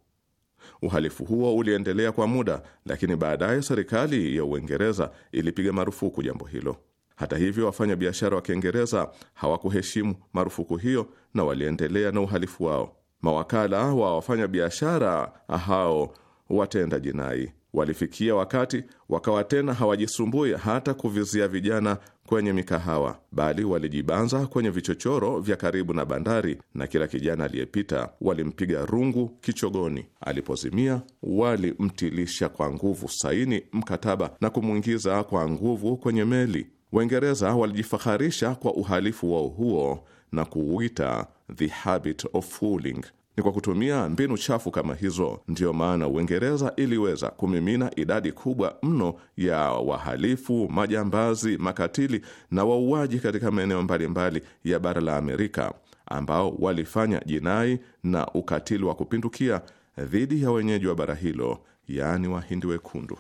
Uhalifu huo uliendelea kwa muda, lakini baadaye serikali ya Uingereza ilipiga marufuku jambo hilo. Hata hivyo, wafanya biashara wa Kiingereza hawakuheshimu marufuku hiyo na waliendelea na uhalifu wao. Mawakala wa wafanya biashara hao watenda jinai Walifikia wakati wakawa tena hawajisumbui hata kuvizia vijana kwenye mikahawa, bali walijibanza kwenye vichochoro vya karibu na bandari, na kila kijana aliyepita walimpiga rungu kichogoni. Alipozimia, walimtilisha kwa nguvu saini mkataba na kumwingiza kwa nguvu kwenye meli. Waingereza walijifaharisha kwa uhalifu wao huo na kuuita the habit of fooling, ni kwa kutumia mbinu chafu kama hizo. Ndiyo maana Uingereza iliweza kumimina idadi kubwa mno ya wahalifu, majambazi, makatili na wauaji katika maeneo mbalimbali ya bara la Amerika ambao walifanya jinai na ukatili wa kupindukia dhidi ya wenyeji wa bara hilo, yaani wahindi wekundu.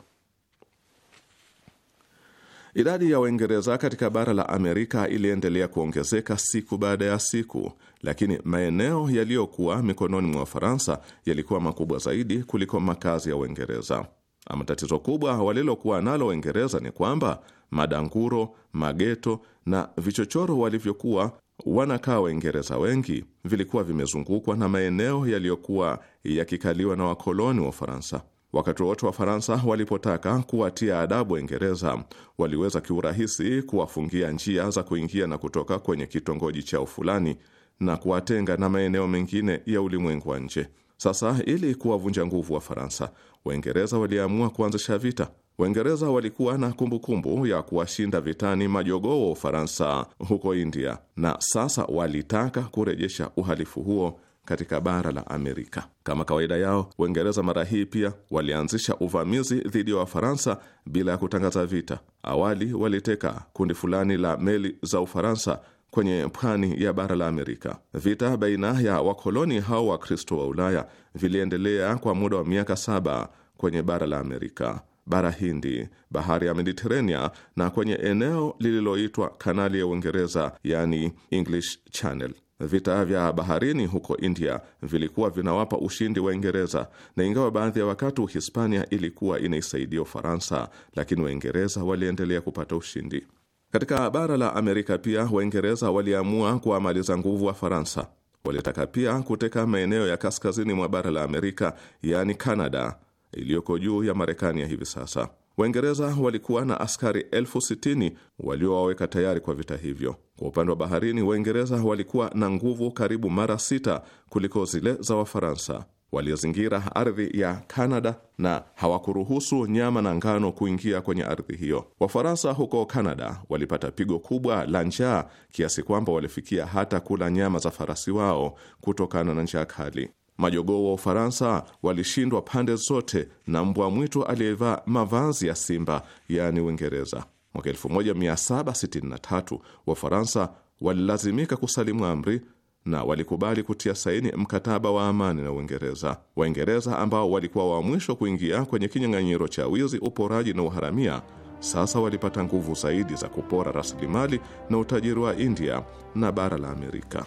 Idadi ya Waingereza katika bara la Amerika iliendelea kuongezeka siku baada ya siku, lakini maeneo yaliyokuwa mikononi mwa Wafaransa yalikuwa makubwa zaidi kuliko makazi ya Waingereza. Ama tatizo kubwa walilokuwa nalo Waingereza ni kwamba madanguro, mageto na vichochoro walivyokuwa wanakaa Waingereza wengi vilikuwa vimezungukwa na maeneo yaliyokuwa yakikaliwa na wakoloni wa Ufaransa. Wakati wa Wafaransa walipotaka kuwatia adabu Waingereza, waliweza kiurahisi kuwafungia njia za kuingia na kutoka kwenye kitongoji chao fulani na kuwatenga na maeneo mengine ya ulimwengu wa nje. Sasa, ili kuwavunja nguvu wa faransa Waingereza waliamua kuanzisha vita. Waingereza walikuwa na kumbukumbu kumbu ya kuwashinda vitani majogoo wa Ufaransa huko India, na sasa walitaka kurejesha uhalifu huo katika bara la Amerika. Kama kawaida yao, Uingereza mara hii pia walianzisha uvamizi dhidi ya Wafaransa bila ya kutangaza vita. Awali waliteka kundi fulani la meli za Ufaransa kwenye pwani ya bara la Amerika. Vita baina ya wakoloni hao Wakristo wa Ulaya viliendelea kwa muda wa miaka saba kwenye bara la Amerika, bara Hindi, bahari ya Mediterania na kwenye eneo lililoitwa Kanali ya Uingereza, yani English Channel. Vita vya baharini huko India vilikuwa vinawapa ushindi Waingereza, na ingawa baadhi ya wakati Uhispania ilikuwa inaisaidia Ufaransa, lakini Waingereza waliendelea kupata ushindi. Katika bara la Amerika pia Waingereza waliamua kuwamaliza nguvu wa Faransa. Walitaka pia kuteka maeneo ya kaskazini mwa bara la Amerika, yaani canada iliyoko juu ya Marekani ya hivi sasa. Waingereza walikuwa na askari elfu sitini waliowaweka tayari kwa vita hivyo. Kwa upande wa baharini, Waingereza walikuwa na nguvu karibu mara sita kuliko zile za Wafaransa. Waliozingira ardhi ya Kanada na hawakuruhusu nyama na ngano kuingia kwenye ardhi hiyo. Wafaransa huko Kanada walipata pigo kubwa la njaa kiasi kwamba walifikia hata kula nyama za farasi wao kutokana na njaa kali. Majogoo wa Ufaransa walishindwa pande zote na mbwa mwitu aliyevaa mavazi ya simba, yaani Uingereza. Mwaka 1763 Wafaransa walilazimika kusalimu amri na walikubali kutia saini mkataba wa amani na Uingereza. Waingereza ambao walikuwa wa mwisho kuingia kwenye kinyang'anyiro cha wizi, uporaji na uharamia, sasa walipata nguvu zaidi za kupora rasilimali na utajiri wa India na bara la Amerika.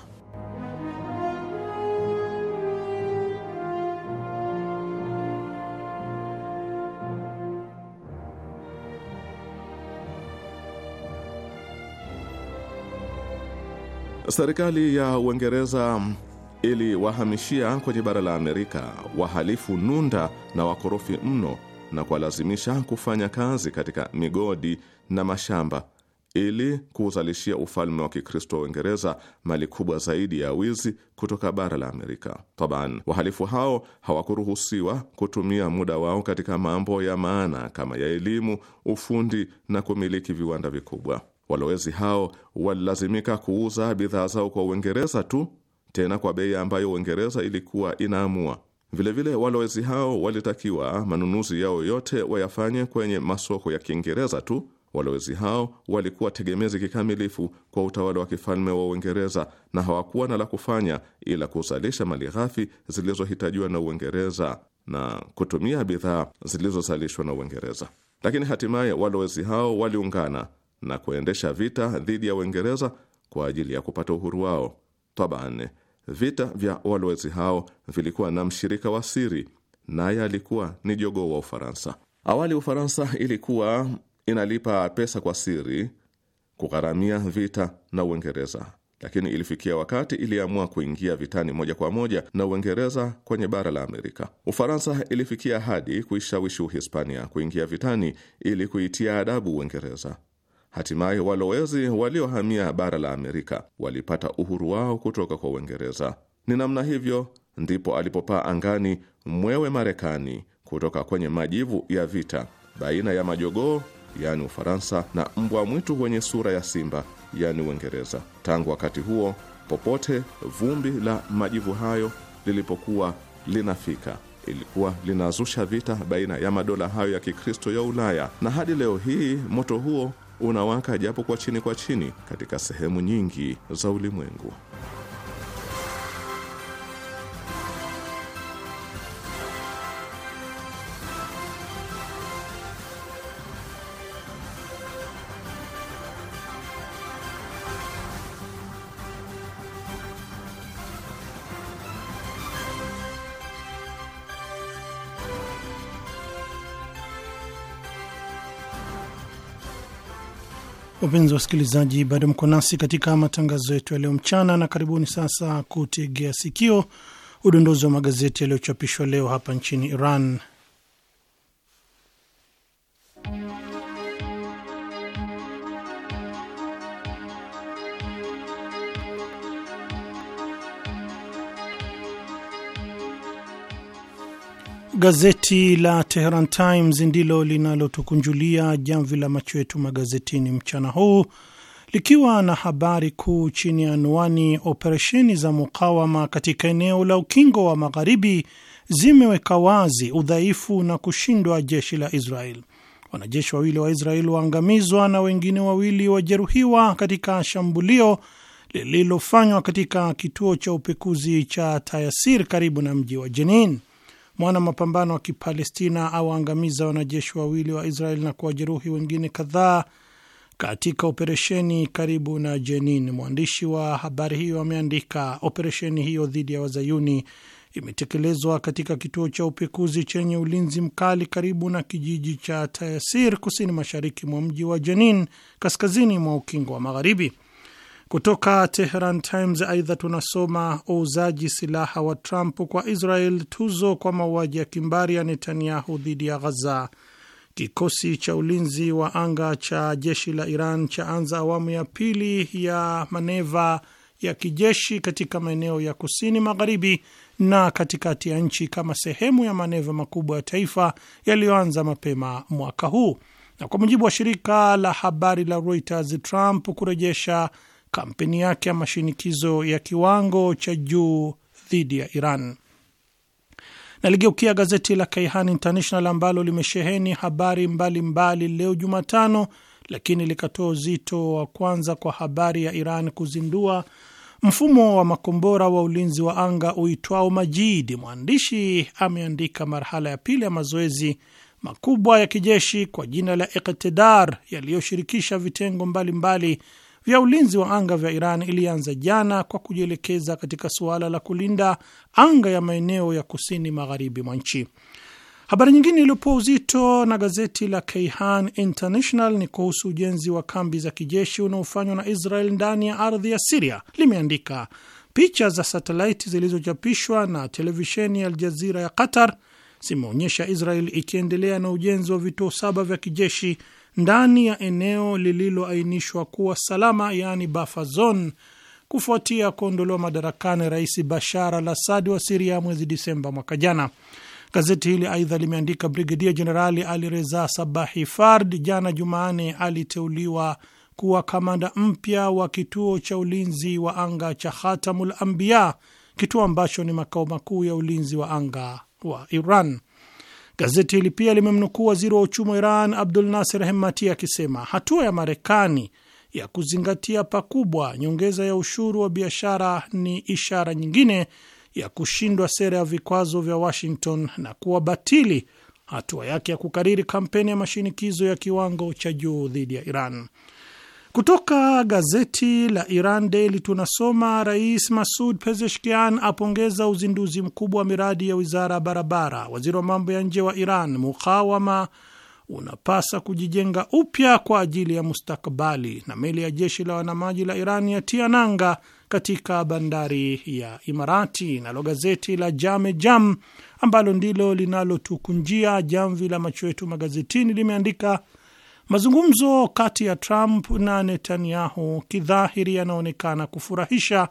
Serikali ya Uingereza iliwahamishia kwenye bara la Amerika wahalifu nunda na wakorofi mno na kuwalazimisha kufanya kazi katika migodi na mashamba ili kuuzalishia ufalme wa Kikristo wa Uingereza mali kubwa zaidi ya wizi kutoka bara la Amerika. Taban, wahalifu hao hawakuruhusiwa kutumia muda wao katika mambo ya maana kama ya elimu, ufundi na kumiliki viwanda vikubwa. Walowezi hao walilazimika kuuza bidhaa zao kwa Uingereza tu, tena kwa bei ambayo Uingereza ilikuwa inaamua. Vilevile vile walowezi hao walitakiwa manunuzi yao yote wayafanye kwenye masoko ya Kiingereza tu. Walowezi hao walikuwa tegemezi kikamilifu kwa utawala wa kifalme wa Uingereza na hawakuwa na la kufanya ila kuzalisha mali ghafi zilizohitajiwa na Uingereza na kutumia bidhaa zilizozalishwa na Uingereza. Lakini hatimaye walowezi hao waliungana na kuendesha vita dhidi ya Uingereza kwa ajili ya kupata uhuru wao. Taban, vita vya walowezi hao vilikuwa na mshirika wa siri, naye alikuwa ni jogoo wa Ufaransa. Awali Ufaransa ilikuwa inalipa pesa kwa siri kugharamia vita na Uingereza, lakini ilifikia wakati iliamua kuingia vitani moja kwa moja na Uingereza kwenye bara la Amerika. Ufaransa ilifikia hadi kuishawishi Uhispania kuingia vitani ili kuitia adabu Uingereza. Hatimaye walowezi waliohamia bara la Amerika walipata uhuru wao kutoka kwa Uingereza. Ni namna hivyo ndipo alipopaa angani mwewe Marekani kutoka kwenye majivu ya vita baina ya majogoo yaani Ufaransa na mbwa mwitu wenye sura ya simba yaani Uingereza. Tangu wakati huo, popote vumbi la majivu hayo lilipokuwa linafika ilikuwa linazusha vita baina ya madola hayo ya Kikristo ya Ulaya, na hadi leo hii moto huo unawaka japo kwa chini kwa chini katika sehemu nyingi za ulimwengu. Wapenzi wa wasikilizaji, bado mko nasi katika matangazo yetu ya leo mchana, na karibuni sasa kutegea sikio udondozi wa magazeti yaliyochapishwa leo hapa nchini Iran. Gazeti la Teheran Times ndilo linalotukunjulia jamvi la macho yetu magazetini mchana huu likiwa na habari kuu chini ya anwani operesheni za mukawama katika eneo la ukingo wa magharibi zimeweka wazi udhaifu na kushindwa jeshi la Israel. Wanajeshi wawili wa Israel waangamizwa na wengine wawili wajeruhiwa katika shambulio lililofanywa katika kituo cha upekuzi cha Tayasir karibu na mji wa Jenin. Mwana mapambano wa Kipalestina awaangamiza wanajeshi wawili wa israel na kuwajeruhi wengine kadhaa katika operesheni karibu na Jenin. Mwandishi wa habari hiyo ameandika, operesheni hiyo dhidi ya wazayuni imetekelezwa katika kituo cha upekuzi chenye ulinzi mkali karibu na kijiji cha Tayasir, kusini mashariki mwa mji wa Jenin, kaskazini mwa ukingo wa Magharibi. Kutoka Teheran Times aidha tunasoma uuzaji silaha wa Trump kwa Israel, tuzo kwa mauaji ya kimbari ya Netanyahu dhidi ya Ghaza. Kikosi cha ulinzi wa anga cha jeshi la Iran chaanza awamu ya pili ya maneva ya kijeshi katika maeneo ya kusini magharibi na katikati ya nchi kama sehemu ya maneva makubwa ya taifa yaliyoanza mapema mwaka huu. Na kwa mujibu wa shirika la habari la Reuters, Trump kurejesha kampeni yake ya mashinikizo ya kiwango cha juu dhidi ya Iran. Naligeukia gazeti la Kaihan International ambalo limesheheni habari mbalimbali mbali leo Jumatano, lakini likatoa uzito wa kwanza kwa habari ya Iran kuzindua mfumo wa makombora wa ulinzi wa anga uitwao Majidi. Mwandishi ameandika marhala ya pili ya mazoezi makubwa ya kijeshi kwa jina la Iktidar yaliyoshirikisha vitengo mbalimbali mbali vya ulinzi wa anga vya Iran ilianza jana kwa kujielekeza katika suala la kulinda anga ya maeneo ya kusini magharibi mwa nchi. Habari nyingine iliyopewa uzito na gazeti la Kayhan International ni kuhusu ujenzi wa kambi za kijeshi unaofanywa na Israel ndani ya ardhi ya Siria. Limeandika picha za satelaiti zilizochapishwa na televisheni ya Aljazira ya Qatar zimeonyesha Israel ikiendelea na ujenzi wa vituo saba vya kijeshi ndani ya eneo lililoainishwa kuwa salama, yaani buffer zone, kufuatia kuondolewa madarakani Rais Bashar al Assad wa Siria mwezi Disemba mwaka jana. Gazeti hili aidha limeandika Brigedia Jenerali Ali Reza Sabahi Fard jana Jumanne aliteuliwa kuwa kamanda mpya wa kituo cha ulinzi wa anga cha Khatamul Anbiya, kituo ambacho ni makao makuu ya ulinzi wa anga wa Iran. Gazeti hili pia limemnukuu waziri wa uchumi wa Iran Abdul Nasir hemati akisema hatua ya Marekani ya kuzingatia pakubwa nyongeza ya ushuru wa biashara ni ishara nyingine ya kushindwa sera ya vikwazo vya Washington na kuwa batili hatua yake ya kukariri kampeni ya mashinikizo ya kiwango cha juu dhidi ya Iran. Kutoka gazeti la Iran Daily tunasoma Rais Masud Pezeshkian apongeza uzinduzi mkubwa wa miradi ya wizara ya barabara. Waziri wa mambo ya nje wa Iran: mukawama unapasa kujijenga upya kwa ajili ya mustakbali Na meli ya jeshi la wanamaji la Iran yatia nanga katika bandari ya Imarati. Nalo gazeti la Jame Jam ambalo ndilo linalotukunjia jamvi la macho yetu magazetini limeandika Mazungumzo kati ya Trump na Netanyahu kidhahiri yanaonekana kufurahisha,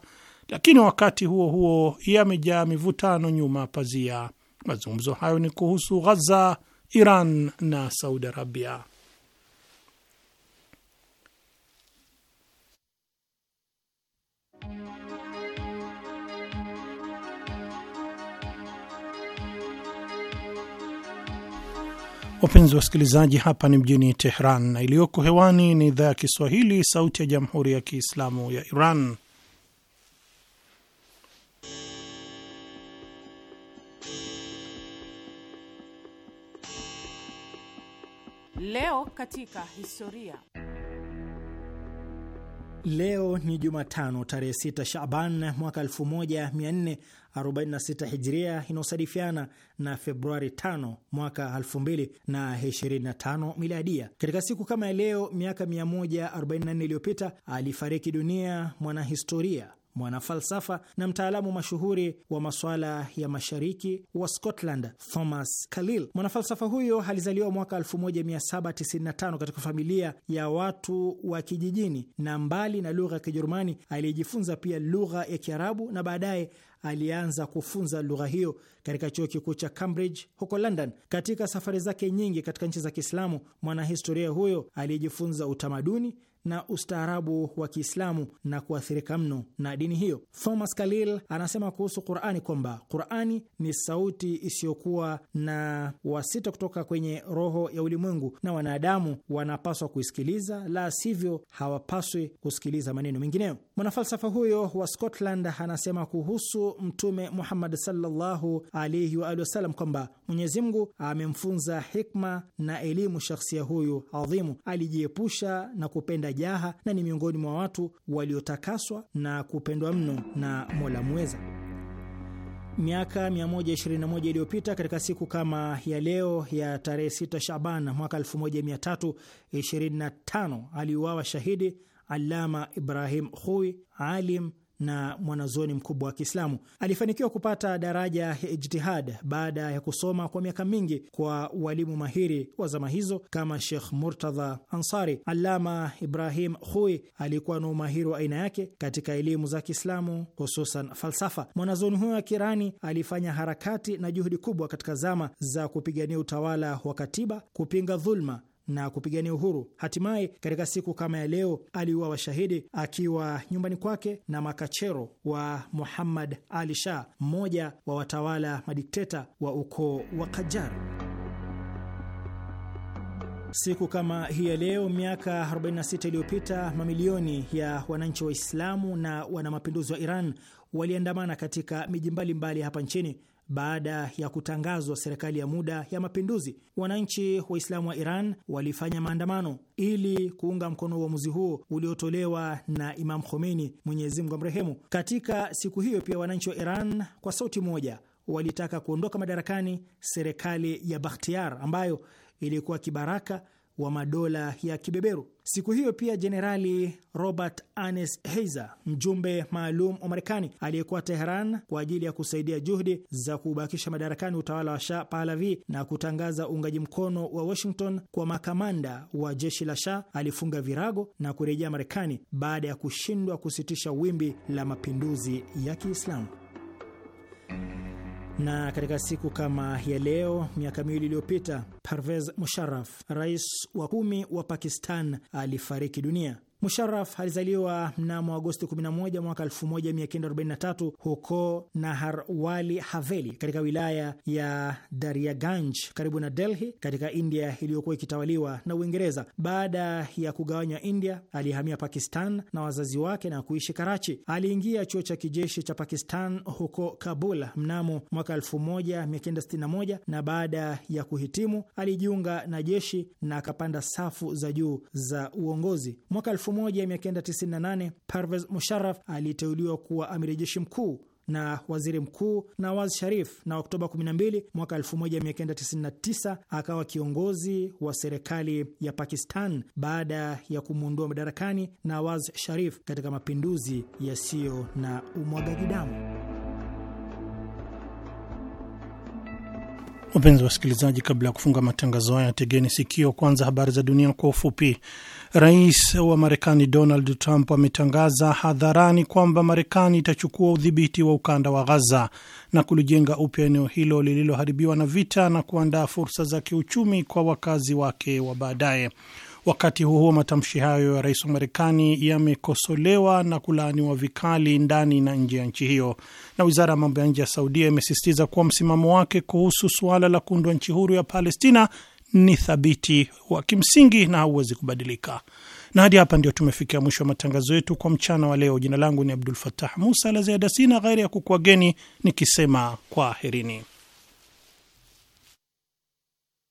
lakini wakati huo huo yamejaa mivutano nyuma pazia. Mazungumzo hayo ni kuhusu Ghaza, Iran na Saudi Arabia. Wapenzi wasikilizaji, hapa ni mjini Tehran na iliyoko hewani ni idhaa ya Kiswahili, sauti ya jamhuri ya kiislamu ya Iran. Leo katika historia Leo ni Jumatano tarehe 6 Shaban mwaka 1446 Hijria, inayosadifiana na Februari 5 mwaka 2025 Miladia. Katika siku kama ya leo miaka 144 iliyopita alifariki dunia mwanahistoria mwanafalsafa na mtaalamu mashuhuri wa masuala ya mashariki wa Scotland, Thomas kalil Mwanafalsafa huyo alizaliwa mwaka 1795 katika familia ya watu wa kijijini, na mbali na lugha ya Kijerumani aliyejifunza pia lugha ya Kiarabu na baadaye alianza kufunza lugha hiyo katika chuo kikuu cha Cambridge huko London. Katika safari zake nyingi katika nchi za Kiislamu, mwanahistoria huyo aliyejifunza utamaduni na ustaarabu wa Kiislamu na kuathirika mno na dini hiyo. Thomas Kalil anasema kuhusu Qurani kwamba Qurani ni sauti isiyokuwa na wasita kutoka kwenye roho ya ulimwengu, na wanadamu wanapaswa kuisikiliza, la sivyo hawapaswi kusikiliza maneno mengineyo. Mwanafalsafa huyo wa Scotland anasema kuhusu Mtume Muhammad sallallahu alaihi wa alihi wasallam kwamba Mwenyezi Mungu amemfunza hikma na elimu shakhsia huyu adhimu, alijiepusha na kupenda jaha na ni miongoni mwa watu waliotakaswa na kupendwa mno na Mola mweza Miaka 121 iliyopita katika siku kama ya leo ya tarehe 6 Shaban mwaka 1325 aliuawa shahidi Alama Ibrahim Hui, alim na mwanazuoni mkubwa wa Kiislamu. Alifanikiwa kupata daraja ya ijtihad baada ya kusoma kwa miaka mingi kwa walimu mahiri wa zama hizo kama shekh Murtadha Ansari. alama Ibrahim Hui alikuwa na umahiri wa aina yake katika elimu za Kiislamu, hususan falsafa. Mwanazuoni huyo wa Kirani alifanya harakati na juhudi kubwa katika zama za kupigania utawala wa katiba, kupinga dhulma na kupigania uhuru. Hatimaye katika siku kama ya leo aliuawa washahidi akiwa nyumbani kwake na makachero wa Muhammad Ali Shah, mmoja wa watawala madikteta wa ukoo wa Kajar. Siku kama hii ya leo miaka 46 iliyopita mamilioni ya wananchi Waislamu na wanamapinduzi wa Iran waliandamana katika miji mbalimbali hapa nchini baada ya kutangazwa serikali ya muda ya mapinduzi, wananchi Waislamu wa Iran walifanya maandamano ili kuunga mkono uamuzi huo uliotolewa na Imam Khomeini, Mwenyezi Mungu amrehemu. Katika siku hiyo pia wananchi wa Iran kwa sauti moja walitaka kuondoka madarakani serikali ya Bakhtiar ambayo ilikuwa kibaraka wa madola ya kibeberu. Siku hiyo pia Jenerali Robert Ernest Heiser, mjumbe maalum wa Marekani aliyekuwa Teheran kwa ajili ya kusaidia juhudi za kuubakisha madarakani utawala wa Shah Pahlavi na kutangaza uungaji mkono wa Washington kwa makamanda wa jeshi la Shah, alifunga virago na kurejea Marekani baada ya kushindwa kusitisha wimbi la mapinduzi ya Kiislamu. Na katika siku kama ya leo miaka miwili iliyopita, Parvez Musharraf, rais wa kumi wa Pakistan, alifariki dunia. Musharaf alizaliwa mnamo Agosti 11 mwaka 1943 huko Naharwali Haveli katika wilaya ya Dariaganj karibu na Delhi katika India iliyokuwa ikitawaliwa na Uingereza. Baada ya kugawanywa India, alihamia Pakistan na wazazi wake na kuishi Karachi. Aliingia chuo cha kijeshi cha Pakistan huko Kabul mnamo mwaka 1961 na baada ya kuhitimu alijiunga na jeshi na akapanda safu za juu za uongozi mwaka 1998 Parvez Musharraf aliteuliwa kuwa amiri jeshi mkuu na waziri mkuu Nawaz Sharif, na Oktoba 12 mwaka 1999 akawa kiongozi wa serikali ya Pakistan baada ya kumwondoa madarakani Nawaz Sharif katika mapinduzi yasiyo na umwagaji damu. Wapenzi wasikilizaji, kabla ya kufunga matangazo haya, tegeni sikio kwanza habari za dunia kwa ufupi. Rais wa Marekani Donald Trump ametangaza hadharani kwamba Marekani itachukua udhibiti wa ukanda wa Ghaza na kulijenga upya eneo hilo lililoharibiwa na vita na kuandaa fursa za kiuchumi kwa wakazi wake wa baadaye. Wakati huo huo, matamshi hayo ya rais wa Marekani yamekosolewa na kulaaniwa vikali ndani na nje ya nchi hiyo. Na wizara ya mambo ya nje ya Saudia imesisitiza kuwa msimamo wake kuhusu suala la kuundwa nchi huru ya Palestina ni thabiti wa kimsingi na hauwezi kubadilika. Na hadi hapa ndio tumefikia mwisho wa matangazo yetu kwa mchana wa leo. Jina langu ni Abdul fatah Musa. La ziada sina ghairi ya kukuageni nikisema kwaherini.